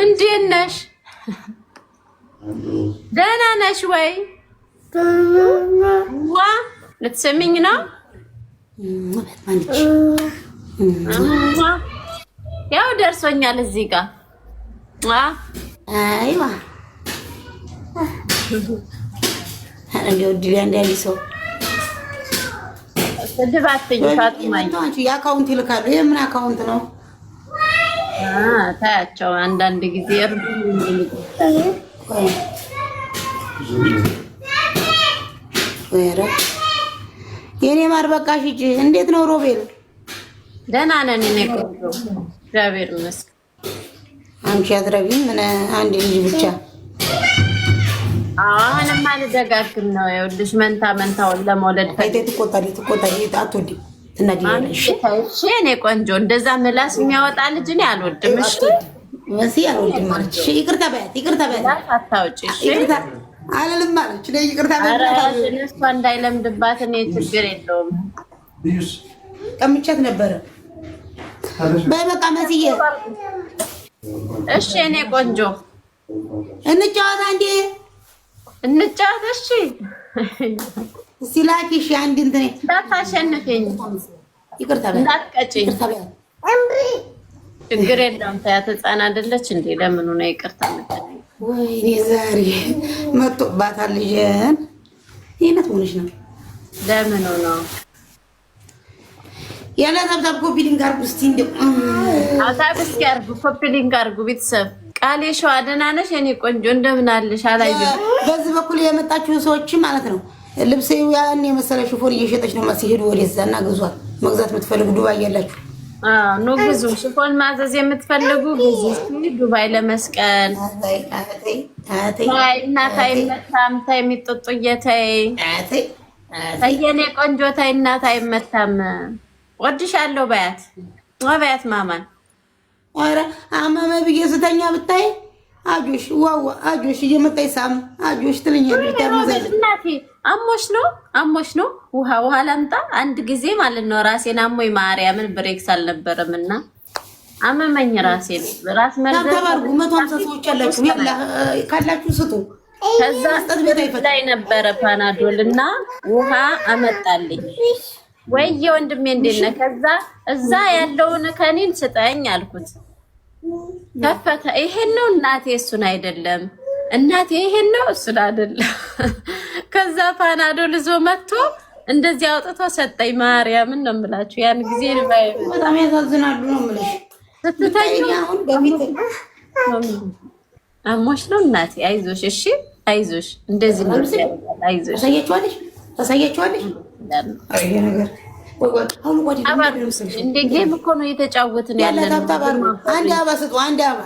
እንዴት ነሽ? ደህና ነሽ ወይ? ዋ ልትሰሚኝ ነው? ያው ደርሶኛል እዚህ ጋር ሰው ስድብ አትይኝ። ያካውንት ይልካሉ። ይሄ ምን አካውንት ነው? ታያቸው አንዳንድ ጊዜ እርዱ የኔ ማር በቃሽ። ሂጂ። እንዴት ነው ሮቤል? ደህና ነን። እኔ እግዚአብሔር ይመስገን። አንቺ አትረቢም። ምን አንድ ልጅ ብቻ ምንም አልደጋግም ነው። ይኸውልሽ መንታ መንታውን ለመውለድ ትቆጣለች፣ ትቆጣለች አትወድም እኔ ቆንጆ እንደዛ ምላስ የሚያወጣ ልጅ እኔ አልወድም። እሺ መሲ አልወድም አለች። ይቅርታ በያት፣ ይቅርታ በያት፣ አታውጪ። አለልም አለች። እኔ ይቅርታ እሷ እንዳይለምድባት። እኔ ችግር የለውም ቀምቻት ነበረ። በይ በቃ መስዬ። እሺ እኔ ቆንጆ እንጫወት፣ አንዴ እንጫወት። እሺ ሲላኪሽ አንድ እንትን ይቅርታ ችግር የለም ታያት፣ ህፃን አይደለች እንዴ? ለምኑ ነው ይቅርታ የምትለኝ? ወይ ዛሬ መጡባታል። ልጅን ይህነት ሆነች ነው። ለምኑ ነው ያለ ታብታብ ኮፒ ሊንክ አድርጉ እንዲ ታብታብ እስኪ አድርጉ፣ ኮፒ ሊንክ ቤተሰብ ቃሌ ሸዋ ደህና ነሽ የኔ ቆንጆ እንደምን አለሽ? አላየሁም። በዚህ በኩል የመጣችሁ ሰዎች ማለት ነው ልብስ ያን የመሰለ ሽፎን እየሸጠች ነው። ሲሄዱ ወደዛ እና ግዟል። መግዛት የምትፈልጉ ዱባይ ያላችሁ ኖ ግዙ። ሽፎን ማዘዝ የምትፈልጉ ግዙ። ዱባይ ለመስቀል እናታይ፣ መታም ታይ፣ የሚጠጡ እየታይ ተየኔ ቆንጆ ታይ፣ እናታይ፣ መታም ወድሻለሁ በያት፣ በያት ማማን ኧረ አመመ ብዬ ስተኛ ብታይ አጆሽ ዋው አጆሽ እየመጣች ሳም አጆሽ ትለኛለች። አሞሽ ነው አሞሽ ነው ውሃ ውሃ ላምጣ። አንድ ጊዜ ማለት ነው ራሴን አሞኝ ማርያምን ብሬክስ አልነበረም እና አመመኝ ራሴን ራስ መርዘተባርጉ መቶ ሀምሳ ሰዎች ያላችሁ ካላችሁ ስጡ። ከዛ ላይ ነበረ ፓናዶል እና ውሃ አመጣልኝ። ወይዬ ወንድሜ እንዴት ነህ? ከዛ እዛ ያለውን ከኔን ስጠኝ አልኩት ከፈተ። ይሄን ነው እናቴ፣ እሱን አይደለም እናቴ፣ ይሄን ነው እሱን አይደለም። ከዛ ፓናዶ ልዞ መጥቶ እንደዚህ አውጥቶ ሰጠኝ። ማርያምን ነው የምላችሁ። ያን ጊዜ በጣም ያሳዝናሉ ነው የምልሽ። ስትተኝ አሞሽ ነው እናቴ፣ አይዞሽ፣ እሺ፣ አይዞሽ፣ እንደዚህ ነው፣ አይዞሽ። ታሳያችኋለሽ፣ ታሳያችኋለሽ ነገር እንደ ጌም እኮ ነው እየተጫወትን ያለ አንድ አበባ ስጡ። አንድ አበባ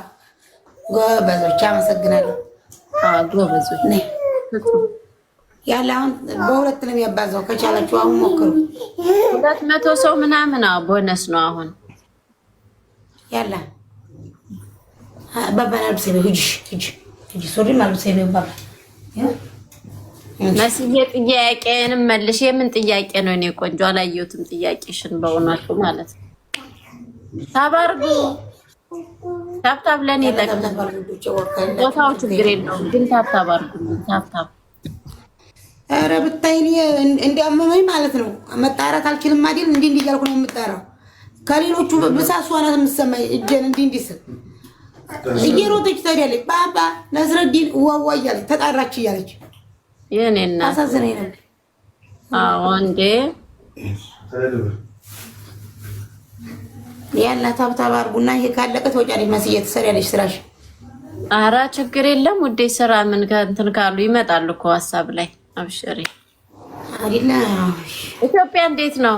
ጎበዞች፣ አመሰግናለሁ ጎበዞች። ያለ አሁን በሁለት ነው የሚያባዛው። ከቻላችሁ አሁን ሞክሩ። ሁለት መቶ ሰው ምናምን ቦነስ ነው አሁን ያለ በበናልብሴ ሂጂ ሂጂ ሂጂ ሶሪ ማልብሴ ባባ መስዬ ጥያቄንም መልሽ። የምን ጥያቄ ነው? እኔ ቆንጆ አላየሁትም ጥያቄሽን በእውነቱ ማለት ነው። ታባርጉ ታብታብ ለእኔ ይጠቅማል። ቦታው ችግር የለውም ግን ታብታብ አርጉ። ታብታብ ኧረ ብታይ እንዲያመመኝ ማለት ነው። መጣራት አልችልም አይደል? እንዲህ እንዲህ እያልኩ ነው የምጠራው። ከሌሎቹ ብሳሷ ናት የምትሰማኝ። እጄን እንዲህ እንዲህ ስል እየሮጠች ታዲያለች። ባባ ነዝረዲን ዋዋ እያለች ተጣራች እያለች የኔ እናት አዎ፣ እንዴ ያላት ሀብታብ አድርጉና ይሄ ካለቀ ተወጫለሽ። መስዬ ትሰሪያለሽ ስራሽ። አረ ችግር የለም ውዴ፣ ስራ ምን ከእንትን ካሉ ይመጣሉ እኮ ሀሳብ ላይ አብሽሪ። ኢትዮጵያ እንዴት ነው?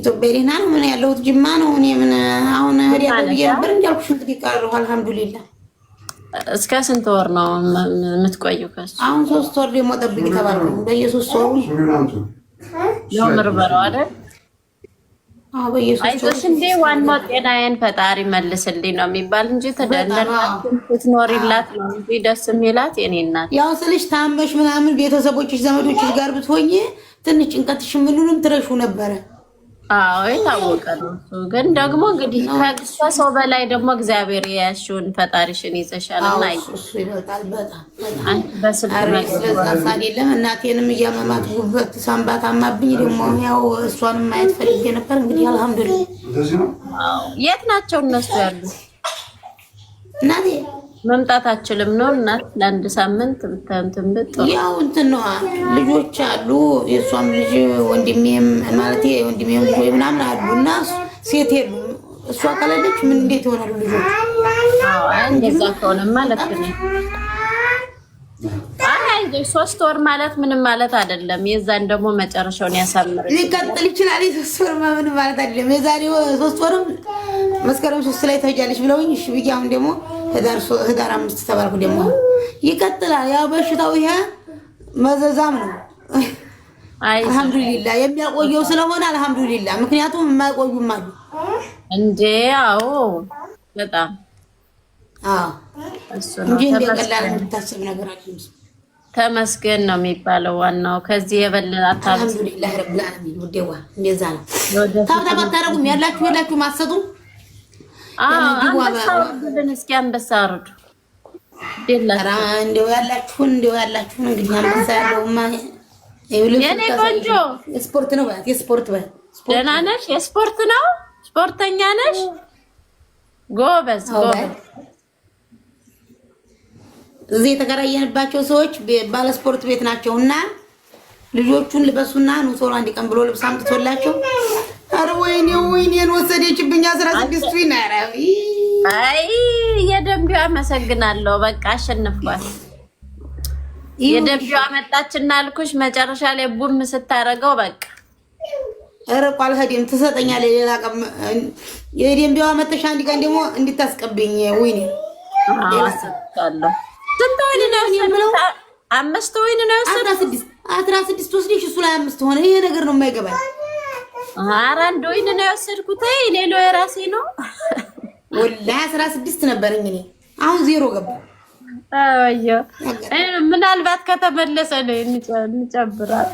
ኢትዮጵያ ደህና ነው። ምን ያለሁት ጅማ ነው። እኔ ምን አሁን ህዲያ ነበር እንጂ አልኩሽ። አልሐምዱሊላህ እስከ ስንት ወር ነው የምትቆዩ? ከሱ አሁን ሶስት ወር ደግሞ ጠብቅ ተባለ። በየሶስት ወሩ ነው ምርበረው አይደል? አይዞሽ እንዴ ዋናው ጤናዬን ፈጣሪ መልስልኝ ነው የሚባል እንጂ ተደለናችን ስትኖሪላት ነው እንጂ ደስ የሚላት የኔ እናት። ያው ስልሽ ታመሽ ምናምን ቤተሰቦችሽ ዘመዶችሽ ጋር ብትሆኝ ትንሽ ጭንቀትሽ ምኑንም ትረሹ ነበረ አዎ የታወቀ ነው። ግን ደግሞ እንግዲህ ከሰው በላይ ደግሞ እግዚአብሔር የያዝሽውን ፈጣሪሽን ይዘሻል እና አይበስለለም እናቴንም እያመማት ጉበት ሳንባት አማብኝ ደግሞ ያው እሷን ማየት ፈልጌ ነበር። እንግዲህ አልሐምዱሊላህ። የት ናቸው እነሱ ያሉ እናቴ? መምጣት አችልም ነው እናት ለአንድ ሳምንት ብታንትን ያው እንትን ነዋ ልጆች አሉ። የእሷም ልጅ ወንድሜም ማለት ወንድሜም ልጅ ምናምን አሉ እና ሴት የሉ እሷ ከሌለች ምን እንዴት ይሆናሉ ልጆች? እንደዛ ከሆነማ ማለት ነው ሶስት ወር ማለት ምንም ማለት አይደለም። የዛን ደግሞ መጨረሻውን ያሳምር ሊቀጥል ይችላል። የሶስት ወር ምንም ማለት አይደለም። የዛሬ ሶስት ወርም መስከረም ሶስት ላይ ተጃለች ብለውኝ እሺ ብዬሽ አሁን ደግሞ ህዳር አምስት ተባልኩ። ደግሞ ይቀጥላል። ያው በሽታው ይሄ መዘዛም ነው። አልሐምዱሊላ የሚያቆየው ስለሆነ አልሐምዱሊላ። ምክንያቱም የማይቆዩም አሉ እንዴ። አዎ በጣም እንጂ እንደ ቀላል የምታስብ ነገር ተመስገን ነው የሚባለው። ዋናው ከዚህ የበለጠ አልሐምዱሊላ ረብል ውዴዋ እንደዛ ነው። ታብታ ባታረጉም ያላችሁ የላችሁ ማሰጡ አንበሳሩልን እስኪ አንበሳ አርዱ። እንዲያው ያላችሁን ያላችሁን እንግዲህ አንበሳ ያለውማ የኔ ቆንጆ የስፖርት ነው የስፖርት ደህና ነሽ? የስፖርት ነው ስፖርተኛ ነሽ? ጎበዝ ጎበዝ። እዚህ የተከራየንባቸው ሰዎች ባለስፖርት ቤት ናቸው እና ልጆቹን ልበሱና ኑ አንድ ቀን ብሎ ልብስ አምጥቶላቸው ኧረ ወይኔ ወይኔን ወሰደችብኝ። አስራ ስድስቱ ይናረብ አይ የደንቢው አመሰግናለሁ። በቃ አሸንፏል። የደንቢው አመጣችና አልኩሽ መጨረሻ ላይ ቡም ስታረገው በቃ ኧረ እኮ አልሄድም ትሰጠኛለህ። ሌላ ቀን የደንቢው አመጣሽ አንድ ቀን ደግሞ እንድታስቀብኝ ወይኔ ስንት ወይን ነው የምለው? አምስት ወይን ነው አስራ ስድስት ወስደሽ እሱ ላይ አምስት ሆነ። ይሄ ነገር ነው የማይገባኝ ኧረ እንደው ይሄንን ነው የወሰድኩት። ሌሎ የራሴ ነው። ወላ አስራ ስድስት ነበረኝ እኔ አሁን ዜሮ ገባ። ምናልባት ከተመለሰ ነው እንጨብራት።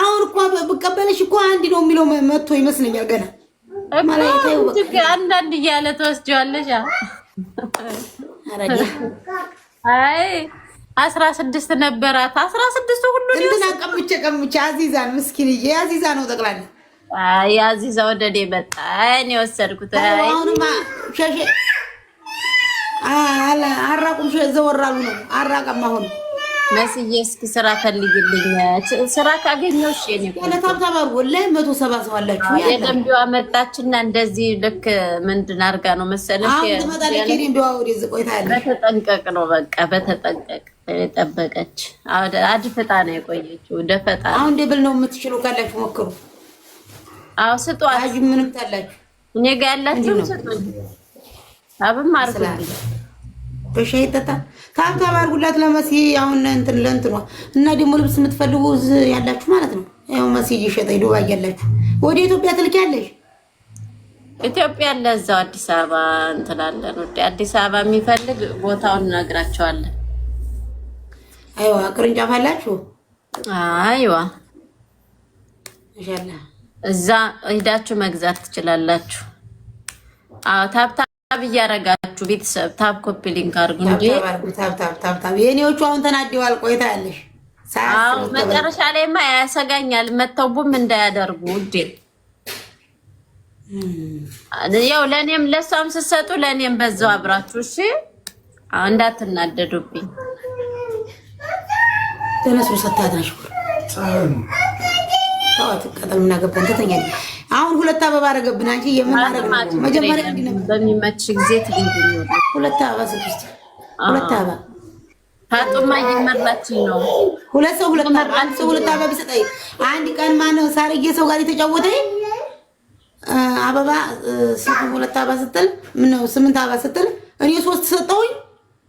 አሁን እኮ ብቀበለሽ እኮ አንድ ነው የሚለው መጥቶ ይመስለኛል ገና አንዳንድ እያለ ትወስጂዋለሽ። አይ አስራ ስድስት ነበራት። አስራ ስድስቱ ሁሉ ቀምቼ ቀምቼ አዚዛን ምስኪንዬ አዚዛ ነው ጠቅላላ የአዚዛ ወደዴ መጣ። እኔ የወሰድኩት አራቁም ዘወራሉ ነው። አራቀም አሁን መስዬ እስኪ ስራ ፈልግልኝ፣ ስራ ካገኘሁሽ መቶ ሰባ ሰው አላችሁ። የደምቢዋ መጣችና እንደዚህ ልክ ምንድን አድርጋ ነው መሰለሽ በተጠንቀቅ ነው በቃ በተጠንቀቅ የጠበቀች አድፍጣ ነው የቆየችው። ደፈጣ አሁን ደብል ነው የምትችሉ ካላችሁ ሞክሩ። አዎ ስጧት። አይ ምንም ታላችሁ እኔ ጋር ያላችሁ ስጡኝ። አብም አርጉልኝ። በሻይ ጠጣ ታም ታም አርጉላት ለመሲ አሁን እንትን ለእንትኗ እና ደግሞ ልብስ የምትፈልጉ ያላችሁ ማለት ነው። ያው መሲ ይሸጠ ዱባይ ያላችሁ ወደ ኢትዮጵያ ትልኪያለሽ። ኢትዮጵያ ለዛው አዲስ አበባ እንትላለን። ወደ አዲስ አበባ የሚፈልግ ቦታውን እነግራቸዋለን። አይዋ ቅርንጫፍ አላችሁ? አይዋ ኢንሻአላህ እዛ ሄዳችሁ መግዛት ትችላላችሁ። ታብታብ እያረጋችሁ ቤተሰብ ታብ ኮፒ ሊንክ አርጉ እንጂ የኔዎቹ አሁን ተናደዋል። ቆይታ ያለሽ መጨረሻ ላይማ ያሰጋኛል። መተውቡም እንዳያደርጉ ውዴ ያው ለእኔም ለእሷም ስትሰጡ ለእኔም በዛው አብራችሁ እሺ፣ እንዳትናደዱብኝ ተነሱ። ሰታድነሽ ተዋት ቀጠል ምናገባን ከተኛ አሁን ሁለት አበባ አረገብን። አንቺ የምናረግ መጀመሪያ በሚመች ጊዜ ሁለት አበባ ስድስት ሁለት አበባ ፋጡማ እየመራችኝ ነው። ሁለት ሰው ሁለት አበባ አንድ ሰው ሁለት አበባ ቢሰጠኝ አንድ ቀን ማነው ሳርዬ ሰው ጋር የተጫወተኝ አበባ ሁለት አበባ ስትል ምነው ስምንት አበባ ስትል እኔ ሶስት ሰጠውኝ።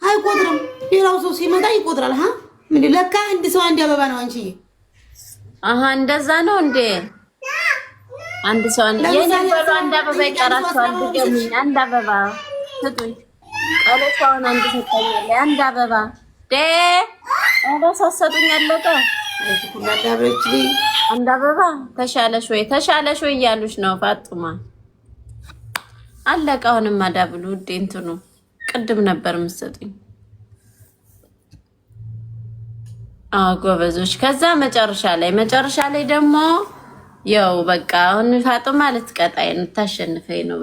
አይቆጥርም ሌላው ሰው ሲመጣ ይቆጥራል። ሀ ለካ አንድ ሰው አንድ አበባ ነው አንቺዬ አሀ እንደዛ ነው እንዴ? አንድ ሰው አንድ የነበሩ አንድ አበባ ይቀራቸዋል። ድገሙኝ። አንድ አበባ ስጡኝ። ቀለቻውን አንድ ሰጠኛለ። አንድ አበባ ዴ አንድ ሰሰጡኝ። አለቀ። አንድ አበባ ተሻለሽ ወይ ተሻለሽ ወይ እያሉሽ ነው ፋጡማ። አለቀ። አሁንም አዳብሉ ውዴ እንትኑ ቅድም ነበር የምትሰጡኝ ጎበዞች ከዛ መጨረሻ ላይ መጨረሻ ላይ ደግሞ ያው በቃ አሁን ፋጡማ ልትቀጣይ ታሸንፈኝ ነው።